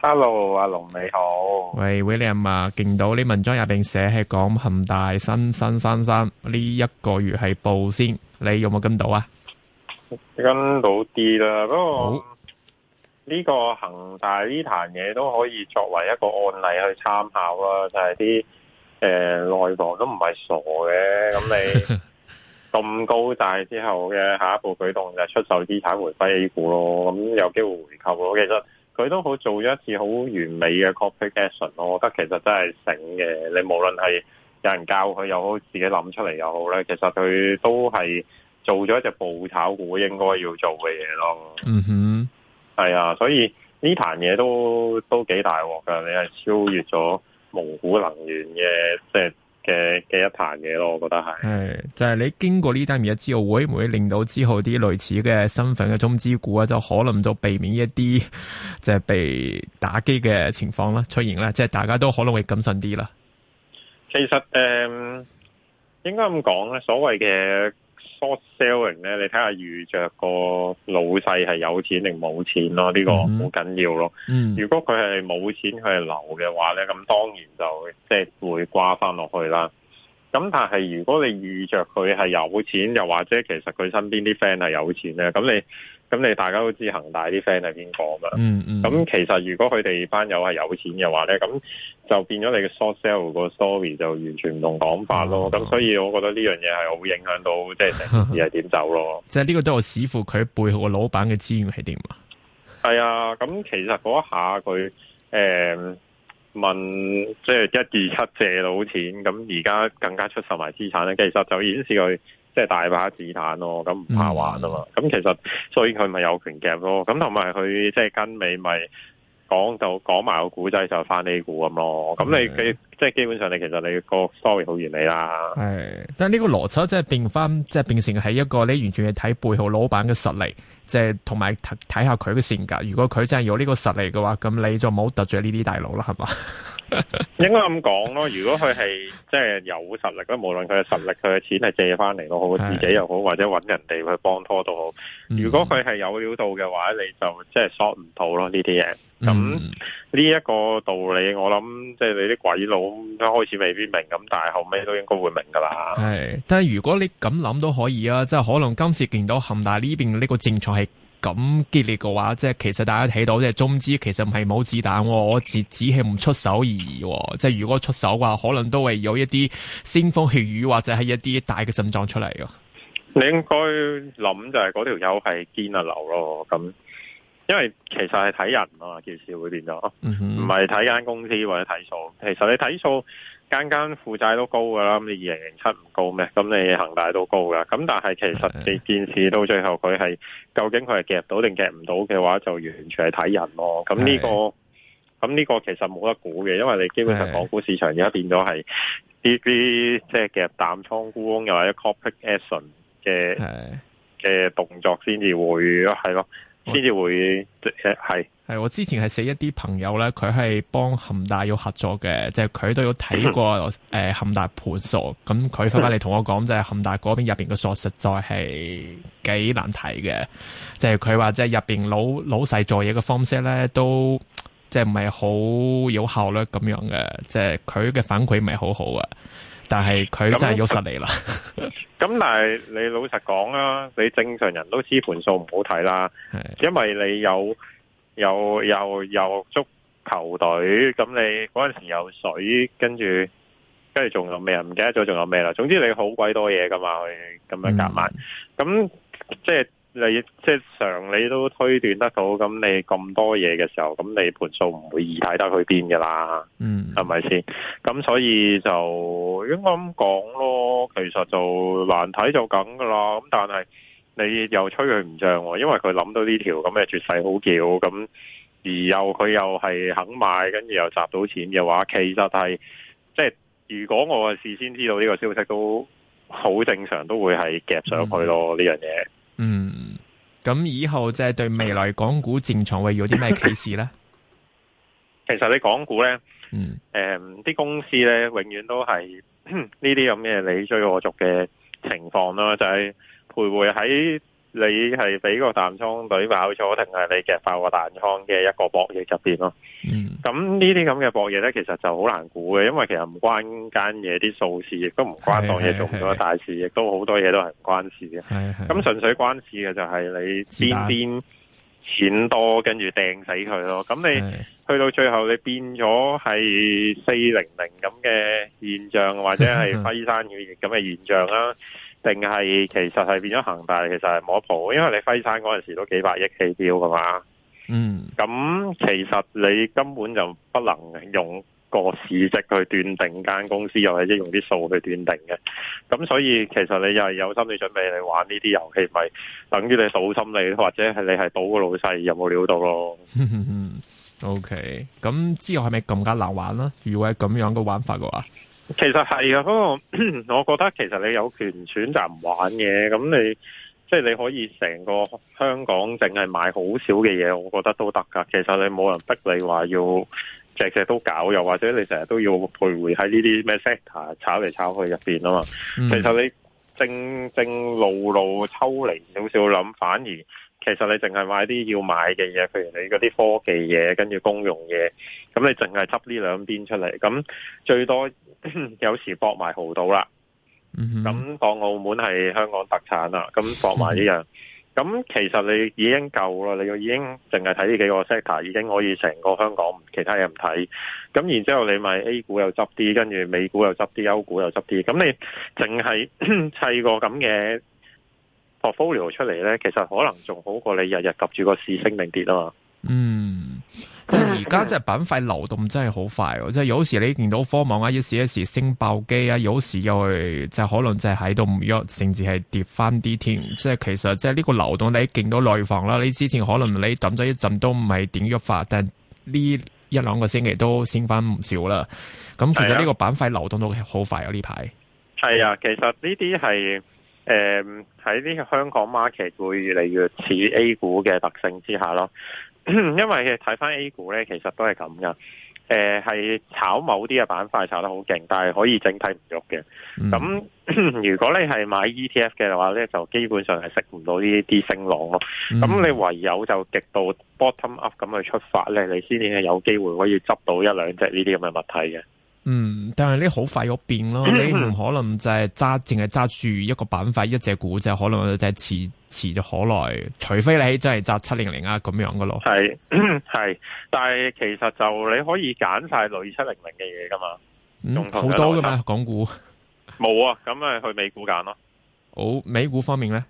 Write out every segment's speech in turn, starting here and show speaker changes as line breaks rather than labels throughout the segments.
Hello 阿龍、hey, 你好。
喂，William 啊，見到呢文章入邊寫係講恆大3333，呢一個月係暴，先，你有冇跟到啊？
跟到啲啦，不過呢個恆大呢壇嘢，都可以作為一個案例去參考啦，就係啲誒內房都唔係傻嘅，咁你咁高大之後嘅下一步舉動就係出售資產回歸 A 股咯，咁有機會回購咯，其實。佢都好做咗一次好完美嘅 copy action，我覺得其實真係醒嘅。你無論係有人教佢又好，自己諗出嚟又好咧，其實佢都係做咗一隻暴炒股應該要做嘅嘢咯。嗯哼、
mm，
係、hmm. 啊，所以呢壇嘢都都幾大鑊噶，你係超越咗蒙古能源嘅，即係。嘅嘅一盤嘢咯，我覺得係係
就係、是、你經過呢單嘢之後，會唔會令到之後啲類似嘅身份嘅中資股啊，就可能就避免一啲即係被打擊嘅情況啦出現咧，即係大家都可能會謹慎啲啦。
其實誒、呃，應該咁講咧，所謂嘅。short selling 咧，selling，你睇下遇着個老細係有錢定冇錢咯？呢、這個好緊要咯。Mm hmm. 如果佢係冇錢佢係留嘅話咧，咁當然就即係會掛翻落去啦。咁但係如果你遇着佢係有錢，又或者其實佢身邊啲 friend 係有錢咧，咁你。咁你大家都知恒大啲 friend 係邊個嘛？嗯嗯。咁其實如果佢哋班友係有錢嘅話咧，咁就變咗你嘅 short sell 個 sorry 就完全唔同講法咯。咁、啊、所以我覺得呢樣嘢係好影響到即係成件事係點走咯。
即係呢個都係我視乎佢背後個老闆嘅資源係點。
係 啊，咁其實嗰下佢誒、欸、問即係、就是、一二七借到錢，咁而家更加出售埋資產咧，其實就已經顯示佢。即係大把子彈咯，咁唔怕玩啊嘛，咁其實，所以佢咪有權夾咯，咁同埋佢即係跟尾咪。講就講埋個古仔就翻呢股咁咯，咁、嗯、你佢即係基本上你其實你個 story 好完美啦。
係，但係呢個邏輯即係變翻，即、就、係、是、變成係一個你完全係睇背後老闆嘅實力，即係同埋睇睇下佢嘅性格。如果佢真係有呢個實力嘅話，咁你就唔好得罪呢啲大佬啦，係嘛？
應該咁講咯。如果佢係即係有實力，咁 無論佢嘅實力，佢嘅錢係借翻嚟都好，唉自己又好，或者搵人哋去幫拖都好。如果佢係有料到嘅話，嗯、你就即係 short 唔到咯呢啲嘢。咁呢一個道理，我諗即係你啲鬼佬一開始未必明，咁但係後尾都應該會明噶啦。
係，但係如果你咁諗都可以啊，即係可能今次見到恆大，但係呢邊呢個症狀係咁激烈嘅話，即係其實大家睇到即係中資其實唔係冇子彈，我只只係唔出手而已。即係如果出手嘅話，可能都係有一啲腥風血雨或者係一啲大嘅症狀出嚟嘅。
你應該諗就係嗰條友係堅啊流咯，咁。因為其實係睇人嘛，件事會變咗，唔係睇間公司或者睇數。其實你睇數，間間負債都高噶啦，咁你二零零七唔高咩？咁你恆大都高噶。咁但係其實你件事到最後佢係究竟佢係夾到定夾唔到嘅話，就完全係睇人咯。咁呢個咁呢個其實冇得估嘅，因為你基本上港股市場而家變咗係啲啲即係夾淡倉沽空又或者 copy action 嘅嘅動作先至會係咯。先至會，
誒係係我之前係寫一啲朋友咧，佢係幫恒大要合作嘅，即係佢都有睇過誒恒、 呃、大盤數，咁佢翻翻嚟同我講，即係恒大嗰邊入邊個數實在係幾難睇嘅，即係佢話即係入邊老老細做嘢嘅方式咧，都即係唔係好有效率咁樣嘅，即係佢嘅反饋唔係好好啊。但係佢真係有實力啦、嗯。
咁但係你老實講啊，你正常人都知盤數唔好睇啦。因為你有有有有足球隊，咁你嗰陣時有水，跟住跟住仲有咩啊？唔記得咗仲有咩啦？總之你好鬼多嘢㗎嘛，佢咁樣夾埋，咁、嗯、即係。你即係常理都推斷得到，咁你咁多嘢嘅時候，咁你盤數唔會易睇得去邊噶啦，嗯，係咪先？咁所以就應該咁講咯。其實就難睇就咁噶啦。咁但係你又吹佢唔漲，因為佢諗到呢條咁嘅絕世好叫，咁而又佢又係肯賣，跟住又集到錢嘅話，其實係即係如果我事先知道呢個消息，都好正常，都會係夾上去咯呢樣嘢。
嗯，咁以後即係對未來港股戰場會有啲咩啟示呢？
其實你港股呢，嗯，誒、呃，啲公司呢永遠都係呢啲咁嘅你追我逐嘅情況啦，就係、是、徘徊喺你係俾個淡倉隊爆咗，定係你夾爆個淡倉嘅一個博弈入邊咯？咁、嗯、呢啲咁嘅博弈咧，其實就好難估嘅，因為其實唔關間嘢啲數字，亦都唔關當嘢做唔到大事，亦都好多嘢都係唔關事嘅。咁純粹關事嘅就係你邊邊然錢多，跟住掟死佢咯。咁你是是去到最後，你變咗係四零零咁嘅現象，或者係輝山嘅咁嘅現象啦。 定係其實係變咗恒大，其實係冇得浦，因為你輝山嗰陣時都幾百億起跳噶嘛。嗯，咁其實你根本就不能用個市值去斷定間公司，又或者用啲數去斷定嘅。咁所以其實你又係有心理準備，你玩呢啲遊戲，咪等於你賭心理或者係你係賭個老細有冇料到咯。嗯
OK。咁之後係咪咁加難玩啦？如果係咁樣嘅玩法嘅話？
其實係啊，不過我， 我覺得其實你有權選擇唔玩嘅，咁你即係你可以成個香港淨係買好少嘅嘢，我覺得都得噶其實你冇人逼你話要隻只都搞，又或者你成日都要徘徊喺呢啲咩 sector 炒嚟炒去入邊啊嘛。嗯、其實你正正路路抽離少少諗，反而。其實你淨係買啲要買嘅嘢，譬如你嗰啲科技嘢，跟住公用嘢，咁你淨係執呢兩邊出嚟，咁最多 有時博埋濠賭啦，咁當澳門係香港特產啦，咁博埋呢樣，咁 其實你已經夠啦，你已經淨係睇呢幾個 sector，已經可以成個香港其他嘢唔睇，咁然之後你咪 A 股又執啲，跟住美股又執啲，歐股又執啲，咁你淨係 砌個咁嘅。portfolio 出嚟咧，其實可能仲好過你日日及住個市升定跌啊
嘛。嗯，即係而家即係板塊流動真係好快喎，即係有時你見到科網啊，一時一時升爆機啊，有時又係即係可能就係喺度唔喐，甚至係跌翻啲添。即係其實即係呢個流動你見到內房啦，你之前可能你揼咗一陣都唔係點喐法，但係呢一兩個星期都升翻唔少啦。咁其實呢個板塊流動都好快啊呢排。
係近啊，其實呢啲係。誒，喺呢個、嗯、香港 market 會越嚟越似 A 股嘅特性之下咯，因為睇翻 A 股咧，其實都係咁噶。誒、呃，係炒某啲嘅板塊炒得好勁，但係可以整體唔喐嘅。咁、嗯、如果你係買 ETF 嘅話咧，就基本上係食唔到呢啲升浪咯。咁、嗯、你唯有就極度 bottom up 咁去出發咧，你先至係有機會可以執到一兩隻呢啲咁嘅物體嘅。嗯，
但係你好快又變咯，你唔可能就係揸淨係揸住一個板塊一隻股，就可能就係遲遲咗好耐，除非你真係揸七零零啊咁樣噶咯。係
係，但係其實就你可以揀晒類七零零嘅嘢噶嘛，好、嗯、多噶嘛，港股。冇啊，咁咪去美股揀咯。
好，美股方面咧，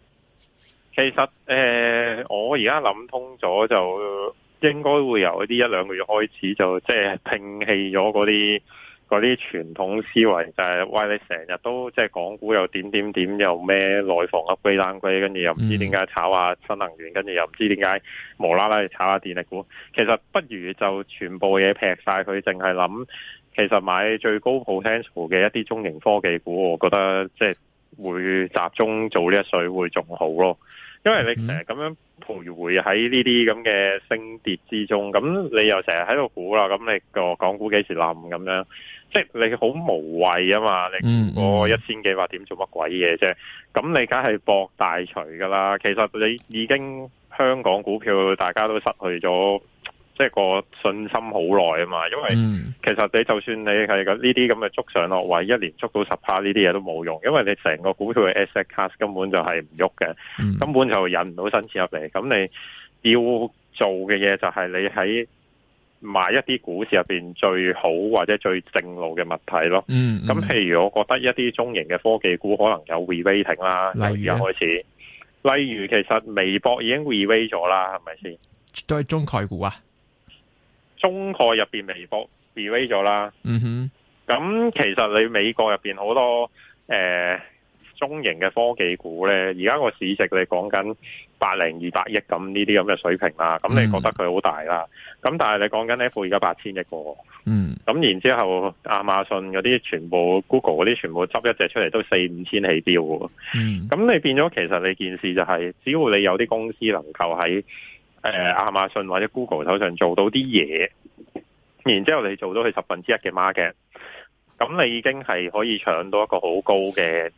其實誒、呃，我而家諗通咗，就、呃、應該會由一啲一兩個月開始就即係摒棄咗嗰啲。嗰啲傳統思維就係餵你成日都，即係港股又點點點，又咩內房啊鬼冷鬼，跟住又唔知點解炒下新能源，跟住又唔知點解無啦啦嚟炒下電力股。其實不如就全部嘢劈晒佢，淨係諗其實買最高 potential 嘅一啲中型科技股，我覺得即係會集中做呢一水會仲好咯。因為你成日咁樣徘徊喺呢啲咁嘅升跌之中，咁你又成日喺度估啦，咁你個港股幾時冧咁樣？即係你好無謂啊嘛！你個一千幾百點做乜鬼嘢啫？咁你梗係博大除噶啦。其實你已經香港股票大家都失去咗。即係個信心好耐啊嘛，因為其實你就算你係呢啲咁嘅捉上落位，一年捉到十 percent 呢啲嘢都冇用，因為你成個股票嘅 asset class 根本就係唔喐嘅，嗯、根本就引唔到新錢入嚟。咁你要做嘅嘢就係你喺買一啲股市入邊最好或者最正路嘅物體咯。咁、嗯嗯、譬如我覺得一啲中型嘅科技股可能有 re-rating 啦，例如開始，例如、啊、例如其實微博已經 re-rating 咗啦，係咪先？
都係中概股啊？
中概入面微博被圍咗啦，mm hmm. 嗯哼，咁、嗯、其實你美國入面好多誒、呃、中型嘅科技股呢，而家個市值你講緊八零二百億咁呢啲咁嘅水平啦，咁你覺得佢好大啦？咁、mm hmm. 但係你講緊 F 而家八千億，嗯，咁然之後亞馬遜嗰啲，全部 Google 嗰啲，全部執一隻出嚟都四五千起標，mm hmm. 嗯，咁你變咗其實你件事就係，只要你有啲公司能夠喺。誒，亞馬遜或者 Google 手上做到啲嘢，然之後你做到佢十分之一嘅 market，咁你已經係可以搶到一個好高嘅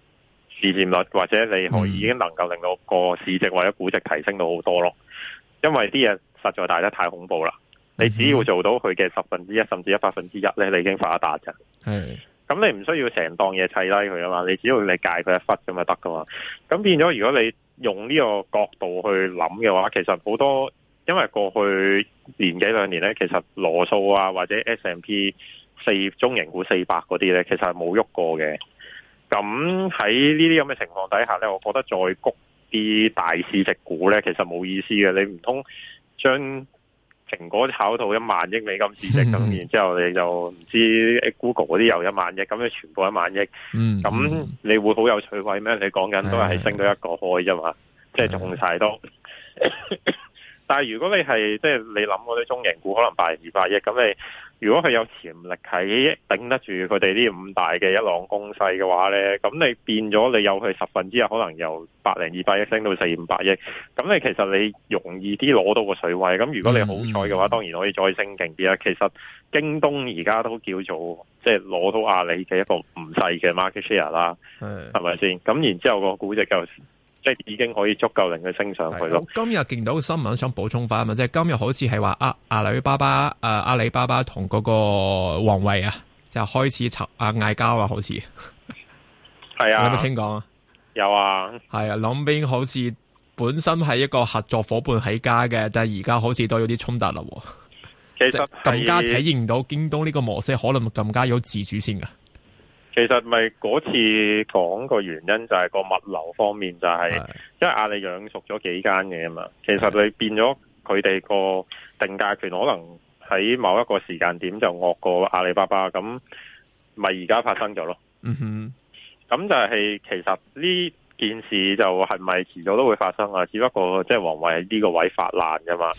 市佔率，或者你可以已經能夠令到個市值或者估值提升到好多咯。因為啲嘢實在大得太恐怖啦！你只要做到佢嘅十分之一，甚至一百分之一咧，你已經發達啫。係，咁你唔需要成檔嘢砌低佢啊嘛！你只要你戒佢一忽咁咪得噶嘛！咁變咗如果你。用呢個角度去諗嘅話，其實好多因為過去年幾兩年呢，其實羅素啊或者 S&P 四中型股四百嗰啲呢，其實係冇喐過嘅。咁喺呢啲咁嘅情況底下呢，我覺得再谷啲大市值股呢，其實冇意思嘅。你唔通將？蘋果炒到一萬億美金市值，咁 然之後你就唔知 Google 嗰啲又一萬億，咁你全部一萬億，咁 你會好有趣味咩？你講緊都係升到一個開啫嘛，即係仲曬多。 但係如果你係即係你諗嗰啲中型股可能百二百億，咁你。如果佢有潛力喺頂得住佢哋呢五大嘅一浪攻勢嘅話呢咁你變咗你有佢十分之一可能由百零二百億升到四五百億，咁你其實你容易啲攞到個水位。咁如果你好彩嘅話，當然可以再升勁啲啦。其實京東而家都叫做即係攞到阿里嘅一個唔細嘅 market share 啦的，係咪先？咁然之後個估值就。即係已經可以足夠令佢升上去咯。
今日見到個新聞，想補充翻啊嘛，即係今日好似係話阿阿里巴巴誒阿里巴巴同嗰個王衛啊，就開始吵啊嗌交啊，好似係啊。 的有冇聽講啊？有啊。係啊，兩邊好似本身係一個合作夥伴起家嘅，但係而家好似都有啲衝突啦。
其實更加體
驗到京東呢個模式可能更加有自主先㗎。
其實咪嗰次講個原因就係個物流方面就係、是，是因為阿里養熟咗幾間嘅嘛。是其實你變咗佢哋個定價權，可能喺某一個時間點就惡過阿里巴巴，咁咪而家發生咗咯。
嗯
哼，咁就係其實呢件事就係咪遲早都會發生啊？只不過即係王衛喺呢個位發爛啫嘛。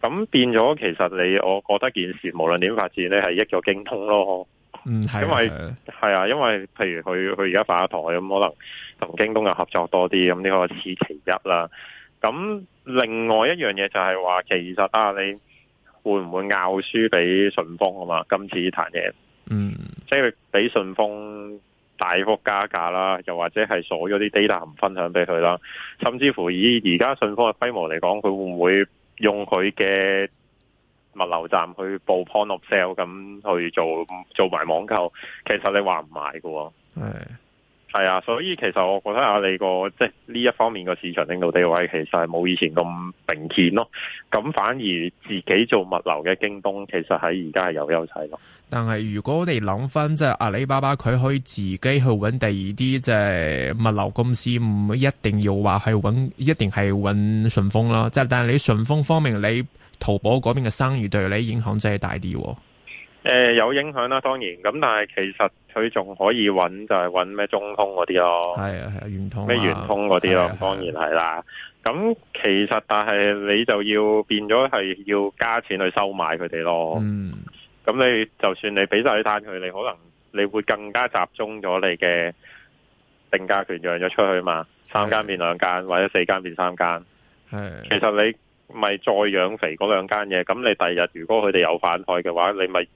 咁 變咗，其實你我覺得件事無論點發展，你係一個精通咯。嗯，因為係啊，的因為譬如佢佢而家發咗台咁，可能同京東嘅合作多啲，咁呢個是其一啦。咁另外一樣嘢就係話，其實啊，你會唔會拗輸俾順豐啊嘛，今次呢壇嘢，嗯，即係俾順豐大幅加價啦，又或者係鎖咗啲 data 唔分享俾佢啦，甚至乎以而家順豐嘅規模嚟講，佢會唔會用佢嘅？物流站去報 point of sale 咁去做做埋網購，其實你話唔買嘅係係啊，所以其實我覺得下覺得呀，你個即係呢一方面個市場領導地位，其實係冇以前咁明顯咯。咁反而自己做物流嘅京東，其實喺而家係有優勢咯。
但係如果你諗翻即係阿里巴巴，佢可以自己去搵第二啲即係物流公司，唔一定要話係搵，一定係搵順豐咯。即係但係你順豐方面你。淘寶嗰邊嘅生意對你影響真係大啲，哦呃，
誒有影響啦，啊，當然咁，但係其實佢仲可以揾就係揾咩中通嗰啲咯，係啊係啊，圓通咩，啊，圓通嗰啲咯，是啊是啊當然係啦，啊。咁其實但係你就要變咗係要加錢去收買佢哋咯。嗯，咁你就算你俾晒單佢，你可能你會更加集中咗你嘅定價權讓咗出去嘛，三間變兩間或者四間變三間，係，是啊，其實你。咪再養肥嗰兩間嘢，咁你第日如果佢哋有反台嘅話，你咪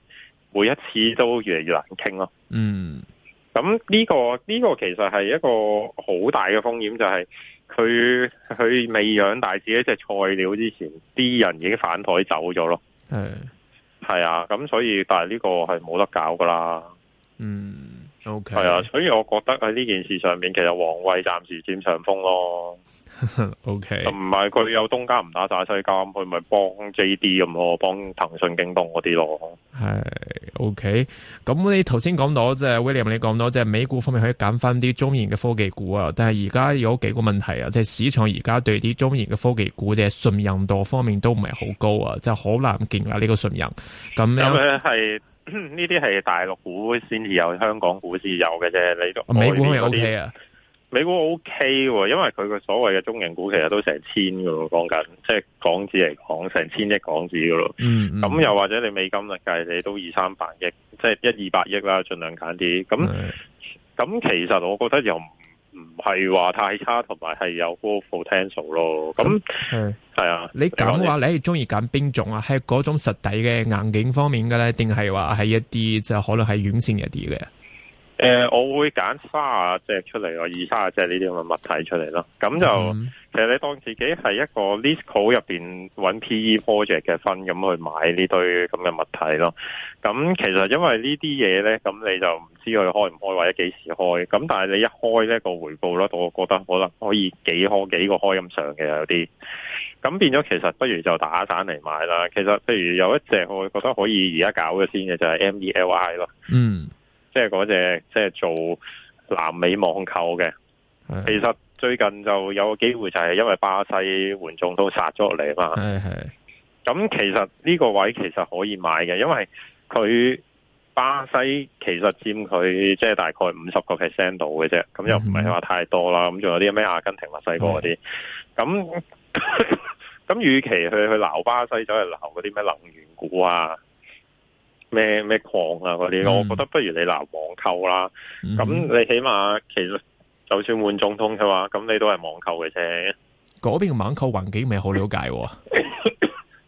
每一次都越嚟越難傾咯。嗯，咁呢個呢個其實係一個好大嘅風險，就係佢佢未養大自己隻菜鳥之前，啲人已經反台走咗咯。係係是啊，咁所以但係呢個係冇得搞噶啦。嗯。係啊，Okay。所以我覺得喺呢件事上面，其實王衛暫時佔上風咯。
O K，唔
係佢有東家唔打打西家，佢咪幫 J D 咁咯，幫騰訊、京東嗰啲咯。
係 O K，咁你頭先講到即係 William 你講到即係美股方面可以揀翻啲中型嘅科技股啊，但係而家有幾個問題啊，即係市場而家對啲中型嘅科技股嘅信任度方面都唔係好高啊，即係好難建立呢個信任。咁咧
係。 呢啲係大陸股先至有，香港股市有嘅啫。你都美股有啲啊？美股 O K，因為佢個所謂嘅中型股其實都成千嘅，講緊即係港紙嚟講成千億港紙噶咯。咁、嗯嗯、又或者你美金日計，你都二三百億，即係一二百億啦，盡量揀啲。咁咁的其實我覺得又。唔係話太差，同埋係有 potential 咯。咁係係啊，你揀說話，
你係中意揀邊種啊？係嗰種實底嘅硬件方面嘅咧，定係話係一啲就是、可能係軟線一啲嘅？誒、
呃，我會揀花啊，即係出嚟咯，二花即係呢啲咁嘅物體出嚟咯。咁就。嗯其實你當自己係一個 list 入邊揾 PE project 嘅分咁去買呢堆咁嘅物體咯。咁其實因為呢啲嘢咧，咁你就唔知佢開唔開，或者幾時開。咁但係你一開咧個回報咯，我覺得可能可以幾開幾個開咁上嘅有啲。咁變咗其實不如就打散嚟買啦。其實譬如有一隻我會覺得可以而家搞嘅先嘅就係 MELI 咯。嗯，即係嗰隻即係做南美網購嘅，嗯、其實。最近就有個機會就係因為巴西援眾都殺咗落嚟嘛，係係。咁其實呢個位其實可以買嘅，因為佢巴西其實佔佢即係大概五十個 percent 度嘅啫，咁又唔係話太多啦。咁仲有啲咩阿根廷、墨西哥嗰啲，咁咁是是、嗯，與其去去鬧巴西，走去鬧嗰啲咩能源股啊，咩咩礦啊嗰啲，我覺得不如你鬧網購啦。咁你起碼其實。就算換總統嘅話，咁你都係網購嘅啫。
嗰邊嘅網購環境未好了解。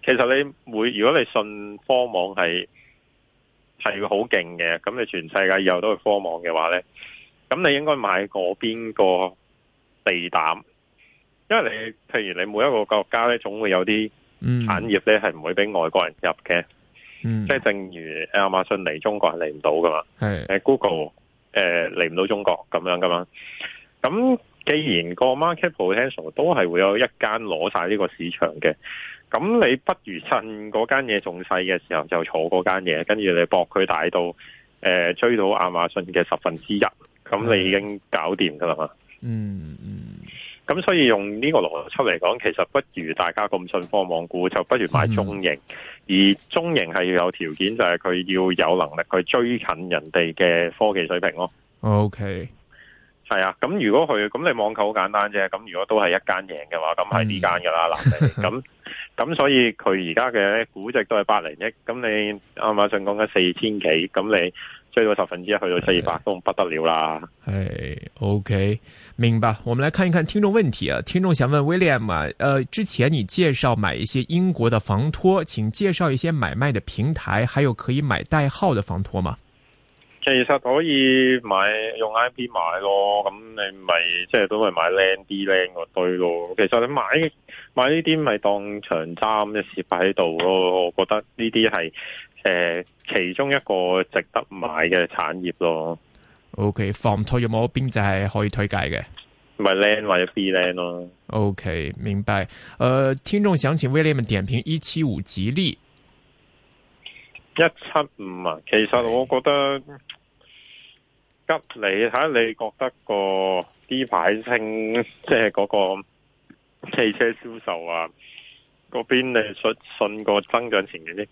其實你每如果你信科網係係好勁嘅，咁你全世界以後都係科網嘅話咧，咁你應該買嗰邊個地膽。因為你譬如你每一個國家咧，總會有啲產業咧係唔會俾外國人入嘅，嗯、即係正如亞馬遜嚟中國人嚟唔到噶嘛。係是，誒 Google。誒，嚟唔到中國咁樣噶嘛？咁既然個 market potential 都係會有一間攞晒呢個市場嘅，咁你不如趁嗰間嘢仲細嘅時候就坐嗰間嘢，跟住你搏佢大到，誒、呃、追到亞馬遜嘅十分之一，咁你已經搞掂噶啦嘛？嗯嗯。嗯咁所以用呢個邏輯嚟講，其實不如大家咁信科網股，就不如買中型。嗯、而中型係要有條件，就係、是、佢要有能力去追近人哋嘅科技水平咯。OK。係啊，咁如果佢咁你網購好簡單啫，咁如果都係一間贏嘅話，咁係呢間噶啦，嗱，咁咁所以佢而家嘅估值都係八零一，咁你阿馬上講緊四千幾，咁你追到十分之一去到四百、哎、都不得了啦。
係、哎、，OK，明白。我們來看一看聽眾問題啊，聽眾想問 William，、啊、呃，之前你介紹買一些英國的房託，請介紹一些買賣的平台，還有可以買代號的房託嗎？
其實可以買用 I P 買咯，咁、嗯、你咪即係都係買靚啲靚個堆咯。其實你買買呢啲咪當長揸嘅設擺喺度咯。我覺得呢啲係誒其中一個值得買嘅產業咯。O、
okay, K，房託有冇邊隻係可以推介嘅？
咪 l a n 靚或者 B l a n 靚咯。O、
okay, K，明白。誒、呃，聽眾想請 William 點評一七五吉利
一七五啊。其實我覺得。急你睇下，你覺得個啲牌升，即係嗰個汽車銷售啊，嗰邊你出信個增長前景咧，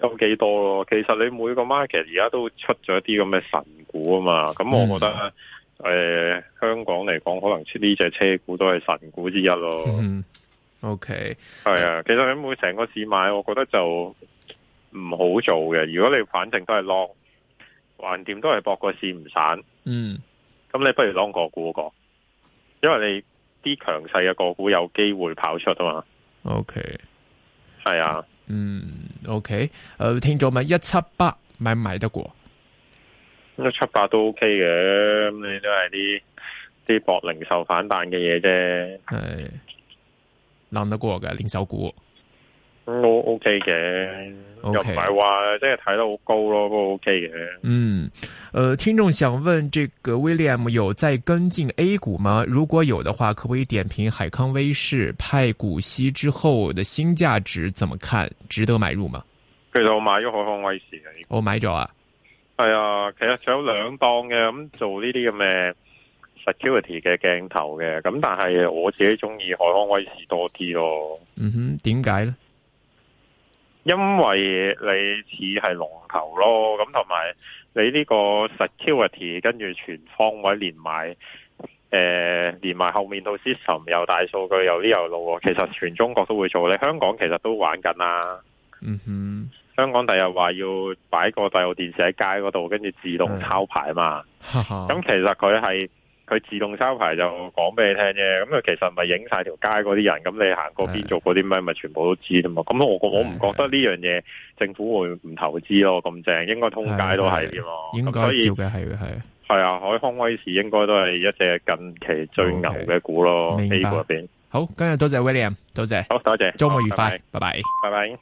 有幾多咯、啊？其實你每個 market 而家都出咗啲咁嘅神股啊嘛，咁我覺得誒、mm hmm. 呃、香港嚟講，可能呢隻車股都係神股之一咯。
OK
係啊，其實你每成個市買，我覺得就唔好做嘅。如果你反正都係 long。橫掂都係博個市唔散，嗯，咁你不如當個股個，因為你啲強勢嘅個股有機會跑出啊嘛。O K，係啊，嗯
，O K，誒，聽咗咪一七八，買唔買得過？
一七八都 O K 嘅，咁你都係啲啲博零售反彈嘅嘢啫，
係，攬得過嘅，零售股。
都 OK 嘅，okay。又唔係話即係睇得好高咯，都 OK 嘅。嗯，誒、
呃，聽眾想問，這個 William 有再跟進 A 股嗎？如果有的話，可唔可以點評海康威視派股息之後的新價值？怎麼看？值得買入
嗎？其實我買咗海康威視嘅，我、哦、買咗啊，係啊、哎，其實仲有兩檔嘅，咁、嗯、做呢啲咁嘅 security 嘅鏡頭嘅，咁但係我自己中意海康威視多啲咯、
哦。嗯哼，點解咧？
因為你似係龍頭咯，咁同埋你呢個 security 跟住全方位連埋，誒、呃、連埋後面到 system 又大數據又呢又路，其實全中國都會做。你香港其實都玩緊啊。嗯哼，香港第日話要擺個大陸電視喺街嗰度，跟住自動抄牌嘛。咁其實佢係。 佢自動收牌就講俾你聽啫，咁啊其實咪影曬條街嗰啲人，咁你行過邊做嗰啲咩，咪全部都知㗎嘛。咁我我唔覺得呢樣嘢政府會唔投資咯，咁正應該通街都係嘅咯。應該照嘅係嘅係。係啊，海康威視應該都係一隻近期最牛嘅股咯。A 股入邊
好，今日多謝 William，多謝，
好，多謝，祝我愉快，拜拜，拜拜。